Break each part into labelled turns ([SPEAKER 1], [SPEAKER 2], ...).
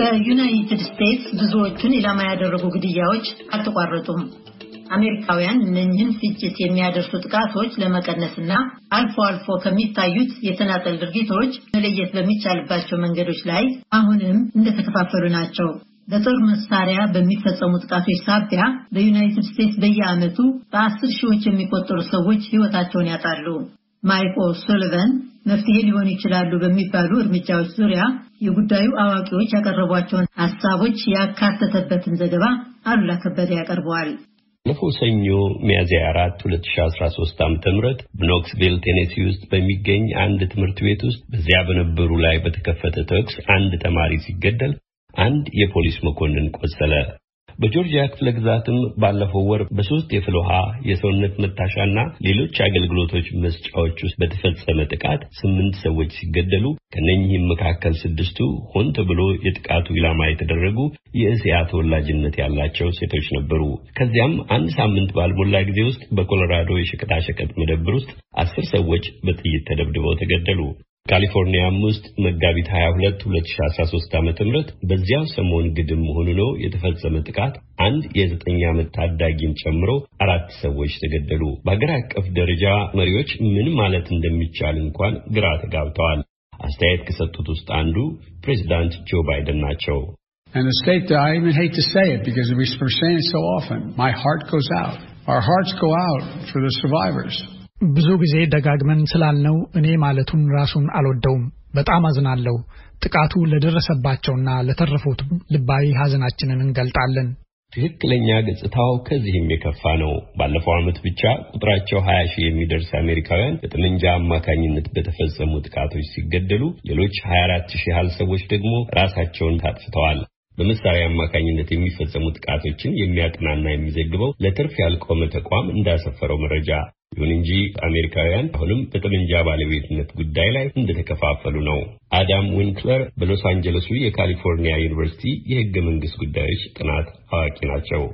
[SPEAKER 1] በዩናይትድ ስቴትስ ብዙዎቹን ኢላማ ያደረጉ ግድያዎች አልተቋረጡም። አሜሪካውያን እነኝህን ፍጅት የሚያደርሱ ጥቃቶች ለመቀነስና አልፎ አልፎ ከሚታዩት የተናጠል ድርጊቶች መለየት በሚቻልባቸው መንገዶች ላይ አሁንም እንደተከፋፈሉ ናቸው። በጦር መሳሪያ በሚፈጸሙ ጥቃቶች ሳቢያ በዩናይትድ ስቴትስ በየዓመቱ በአስር ሺዎች የሚቆጠሩ ሰዎች ሕይወታቸውን ያጣሉ። ማይክ ኦሱሊቨን መፍትሄ ሊሆኑ ይችላሉ በሚባሉ እርምጃዎች ዙሪያ የጉዳዩ አዋቂዎች ያቀረቧቸውን ሀሳቦች ያካተተበትን ዘገባ አሉላ ከበደ ያቀርበዋል።
[SPEAKER 2] ባለፈው ሰኞ ሚያዝያ 4 2013 ዓ.ም በኖክስቪል ቴኔሲ ውስጥ በሚገኝ አንድ ትምህርት ቤት ውስጥ በዚያ በነበሩ ላይ በተከፈተ ተኩስ አንድ ተማሪ ሲገደል አንድ የፖሊስ መኮንን ቆሰለ። በጆርጂያ ክፍለ ግዛትም ባለፈው ወር በሶስት የፍል ውሃ፣ የሰውነት መታሻና ሌሎች አገልግሎቶች መስጫዎች ውስጥ በተፈጸመ ጥቃት ስምንት ሰዎች ሲገደሉ ከነኚህም መካከል ስድስቱ ሆን ተብሎ የጥቃቱ ኢላማ የተደረጉ የእስያ ተወላጅነት ያላቸው ሴቶች ነበሩ። ከዚያም አንድ ሳምንት ባልሞላ ጊዜ ውስጥ በኮሎራዶ የሸቀጣሸቀጥ መደብር ውስጥ አስር ሰዎች በጥይት ተደብድበው ተገደሉ። ካሊፎርኒያም ውስጥ መጋቢት 22 2013 ዓ ም በዚያው ሰሞን ግድም መሆኑ ነው የተፈጸመ ጥቃት አንድ የዘጠኝ ዓመት ታዳጊን ጨምሮ አራት ሰዎች ተገደሉ። በአገር አቀፍ ደረጃ መሪዎች ምን ማለት እንደሚቻል እንኳን ግራ ተጋብተዋል። አስተያየት ከሰጡት ውስጥ አንዱ ፕሬዚዳንት ጆ ባይደን ናቸው።
[SPEAKER 1] My heart goes out. Our hearts go out for the survivors. ብዙ ጊዜ ደጋግመን ስላልነው እኔ ማለቱን ራሱን አልወደውም። በጣም አዝናለሁ። ጥቃቱ ለደረሰባቸውና ለተረፉት ልባዊ ሐዘናችንን እንገልጣለን።
[SPEAKER 2] ትክክለኛ ገጽታው ከዚህም የከፋ ነው። ባለፈው ዓመት ብቻ ቁጥራቸው 20 ሺህ የሚደርስ አሜሪካውያን በጠመንጃ አማካኝነት በተፈጸሙ ጥቃቶች ሲገደሉ ሌሎች 24 ሺህ ያህል ሰዎች ደግሞ ራሳቸውን ታጥፍተዋል። በመሳሪያ አማካኝነት የሚፈጸሙ ጥቃቶችን የሚያጥናና የሚዘግበው ለትርፍ ያልቆመ ተቋም እንዳሰፈረው መረጃ። ይሁን እንጂ አሜሪካውያን አሁንም በጠመንጃ ባለቤትነት ጉዳይ ላይ እንደተከፋፈሉ ነው። አዳም ዊንክለር በሎስ አንጀለሱ የካሊፎርኒያ ዩኒቨርሲቲ የህገ መንግስት ጉዳዮች ጥናት አዋቂ ናቸው።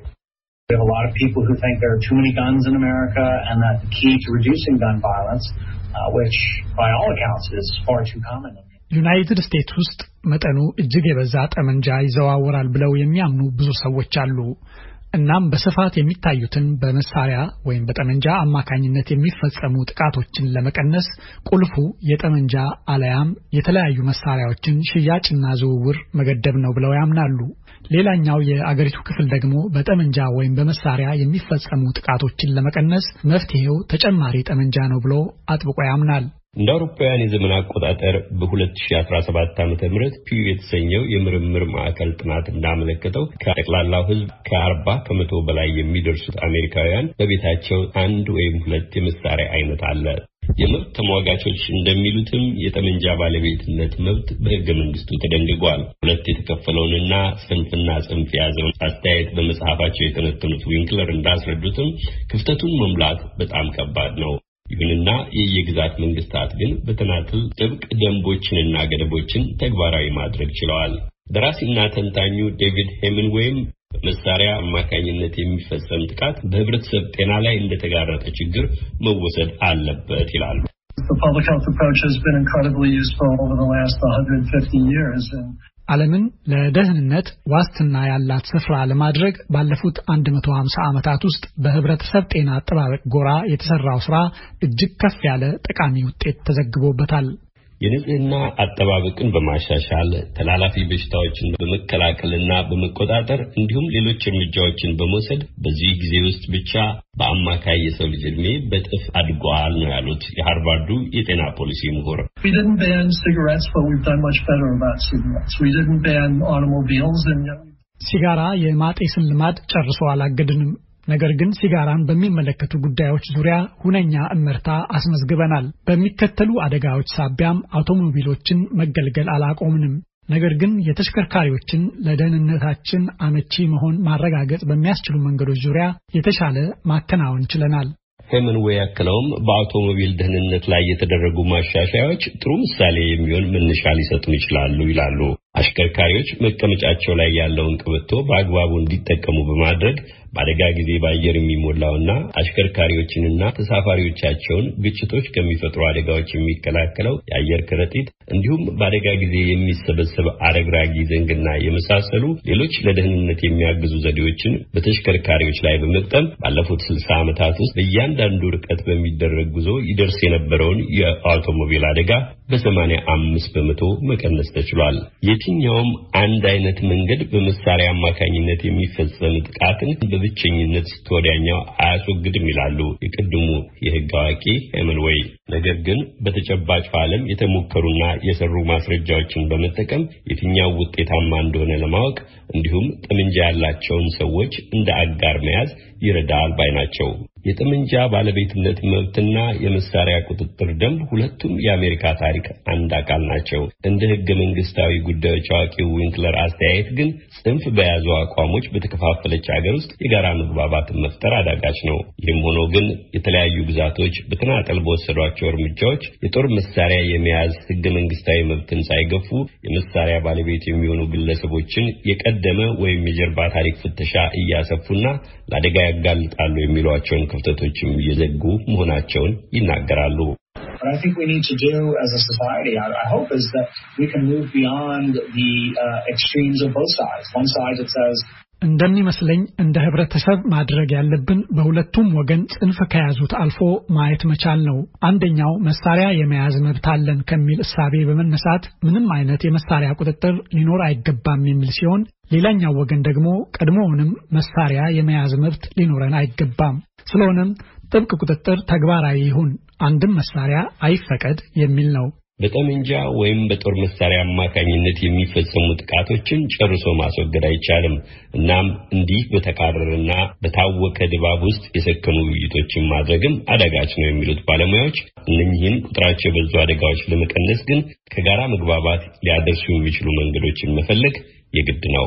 [SPEAKER 1] ዩናይትድ ስቴትስ ውስጥ መጠኑ እጅግ የበዛ ጠመንጃ ይዘዋወራል ብለው የሚያምኑ ብዙ ሰዎች አሉ። እናም በስፋት የሚታዩትን በመሳሪያ ወይም በጠመንጃ አማካኝነት የሚፈጸሙ ጥቃቶችን ለመቀነስ ቁልፉ የጠመንጃ አለያም የተለያዩ መሳሪያዎችን ሽያጭና ዝውውር መገደብ ነው ብለው ያምናሉ። ሌላኛው የአገሪቱ ክፍል ደግሞ በጠመንጃ ወይም በመሳሪያ የሚፈጸሙ ጥቃቶችን ለመቀነስ መፍትሄው ተጨማሪ ጠመንጃ ነው ብሎ አጥብቆ ያምናል።
[SPEAKER 2] እንደ አውሮፓውያን የዘመን አቆጣጠር በ2017 ዓ.ም ፒዩ የተሰኘው የምርምር ማዕከል ጥናት እንዳመለከተው ከጠቅላላው ሕዝብ ከ ከመቶ በላይ የሚደርሱት አሜሪካውያን በቤታቸው አንድ ወይም ሁለት የመሳሪያ አይነት አለ። የመብት ተሟጋቾች እንደሚሉትም የጠመንጃ ባለቤትነት መብት በህገ መንግስቱ ተደንግጓል። ሁለት የተከፈለውንና ጽንፍና ጽንፍ የያዘውን አስተያየት በመጽሐፋቸው የተነተኑት ዊንክለር እንዳስረዱትም ክፍተቱን መሙላት በጣም ከባድ ነው። ይሁንና የየግዛት መንግስታት ግን በተናጥል ጥብቅ ደንቦችንና ገደቦችን ተግባራዊ ማድረግ ችለዋል። ደራሲና ተንታኙ ዴቪድ ወይም በመሳሪያ አማካኝነት የሚፈጸም ጥቃት በህብረተሰብ ጤና ላይ እንደተጋረጠ ችግር መወሰድ አለበት ይላሉ።
[SPEAKER 1] ዓለምን ለደህንነት ዋስትና ያላት ስፍራ ለማድረግ ባለፉት 150 ዓመታት ውስጥ በህብረተሰብ ጤና አጠባበቅ ጎራ የተሰራው ስራ እጅግ ከፍ ያለ ጠቃሚ ውጤት ተዘግቦበታል።
[SPEAKER 2] የንጽህና አጠባበቅን በማሻሻል ተላላፊ በሽታዎችን በመከላከልና በመቆጣጠር እንዲሁም ሌሎች እርምጃዎችን በመውሰድ በዚህ ጊዜ ውስጥ ብቻ በአማካይ የሰው ልጅ እድሜ በጥፍ አድጓል ነው ያሉት የሃርቫርዱ የጤና ፖሊሲ ምሁር።
[SPEAKER 1] ሲጋራ የማጤስን ልማድ ጨርሶ አላገድንም። ነገር ግን ሲጋራን በሚመለከቱ ጉዳዮች ዙሪያ ሁነኛ እመርታ አስመዝግበናል። በሚከተሉ አደጋዎች ሳቢያም አውቶሞቢሎችን መገልገል አላቆምንም። ነገር ግን የተሽከርካሪዎችን ለደህንነታችን አመቺ መሆን ማረጋገጥ በሚያስችሉ መንገዶች ዙሪያ የተሻለ ማከናወን ችለናል።
[SPEAKER 2] ሄመንዌይ ያክለውም በአውቶሞቢል ደህንነት ላይ የተደረጉ ማሻሻያዎች ጥሩ ምሳሌ የሚሆን መነሻ ሊሰጡን ይችላሉ ይላሉ። አሽከርካሪዎች መቀመጫቸው ላይ ያለውን ቅብቶ በአግባቡ እንዲጠቀሙ በማድረግ በአደጋ ጊዜ በአየር የሚሞላውና አሽከርካሪዎችንና ተሳፋሪዎቻቸውን ግጭቶች ከሚፈጥሩ አደጋዎች የሚከላከለው የአየር ከረጢት እንዲሁም በአደጋ ጊዜ የሚሰበሰብ አረግራጊ ዘንግና የመሳሰሉ ሌሎች ለደህንነት የሚያግዙ ዘዴዎችን በተሽከርካሪዎች ላይ በመቅጠም ባለፉት ስልሳ ዓመታት ውስጥ በእያንዳንዱ ርቀት በሚደረግ ጉዞ ይደርስ የነበረውን የአውቶሞቢል አደጋ በሰማንያ አምስት በመቶ መቀነስ ተችሏል። የትኛውም አንድ አይነት መንገድ በመሳሪያ አማካኝነት የሚፈጸም ጥቃትን ብቸኝነት ከወዲያኛው አያስወግድም ይላሉ የቅድሙ የህግ አዋቂ ሄምልዌይ። ነገር ግን በተጨባጭ ዓለም የተሞከሩና የሰሩ ማስረጃዎችን በመጠቀም የትኛው ውጤታማ እንደሆነ ለማወቅ እንዲሁም ጠመንጃ ያላቸውን ሰዎች እንደ አጋር መያዝ ይረዳል ባይ ናቸው። የጠመንጃ ባለቤትነት መብትና የመሳሪያ ቁጥጥር ደንብ ሁለቱም የአሜሪካ ታሪክ አንድ አካል ናቸው። እንደ ህገ መንግስታዊ ጉዳዮች አዋቂ ዊንክለር አስተያየት ግን ጽንፍ በያዙ አቋሞች በተከፋፈለች ሀገር ውስጥ የጋራ መግባባትን መፍጠር አዳጋች ነው። ይህም ሆኖ ግን የተለያዩ ግዛቶች በተናጠል በወሰዷቸው እርምጃዎች የጦር መሳሪያ የመያዝ ህገ መንግስታዊ መብትን ሳይገፉ የመሳሪያ ባለቤት የሚሆኑ ግለሰቦችን የቀደመ ወይም የጀርባ ታሪክ ፍተሻ እያሰፉና ለአደጋ ያጋልጣሉ የሚሏቸውን ክፍተቶችም እየዘጉ መሆናቸውን ይናገራሉ።
[SPEAKER 1] uh, እንደሚመስለኝ እንደ ህብረተሰብ ማድረግ ያለብን በሁለቱም ወገን ጽንፍ ከያዙት አልፎ ማየት መቻል ነው። አንደኛው መሳሪያ የመያዝ መብት አለን ከሚል እሳቤ በመነሳት ምንም አይነት የመሳሪያ ቁጥጥር ሊኖር አይገባም የሚል ሲሆን ሌላኛው ወገን ደግሞ ቀድሞውንም መሳሪያ የመያዝ መብት ሊኖረን አይገባም። ስለሆነም ጥብቅ ቁጥጥር ተግባራዊ ይሁን፣ አንድም መሳሪያ አይፈቀድ የሚል ነው።
[SPEAKER 2] በጠመንጃ ወይም በጦር መሳሪያ አማካኝነት የሚፈጸሙ ጥቃቶችን ጨርሶ ማስወገድ አይቻልም። እናም እንዲህ በተካረረና በታወከ ድባብ ውስጥ የሰከኑ ውይይቶችን ማድረግም አዳጋች ነው የሚሉት ባለሙያዎች እነኚህን ቁጥራቸው የበዙ አደጋዎች ለመቀነስ ግን ከጋራ መግባባት ሊያደርሱ የሚችሉ መንገዶችን መፈለግ የግድ ነው።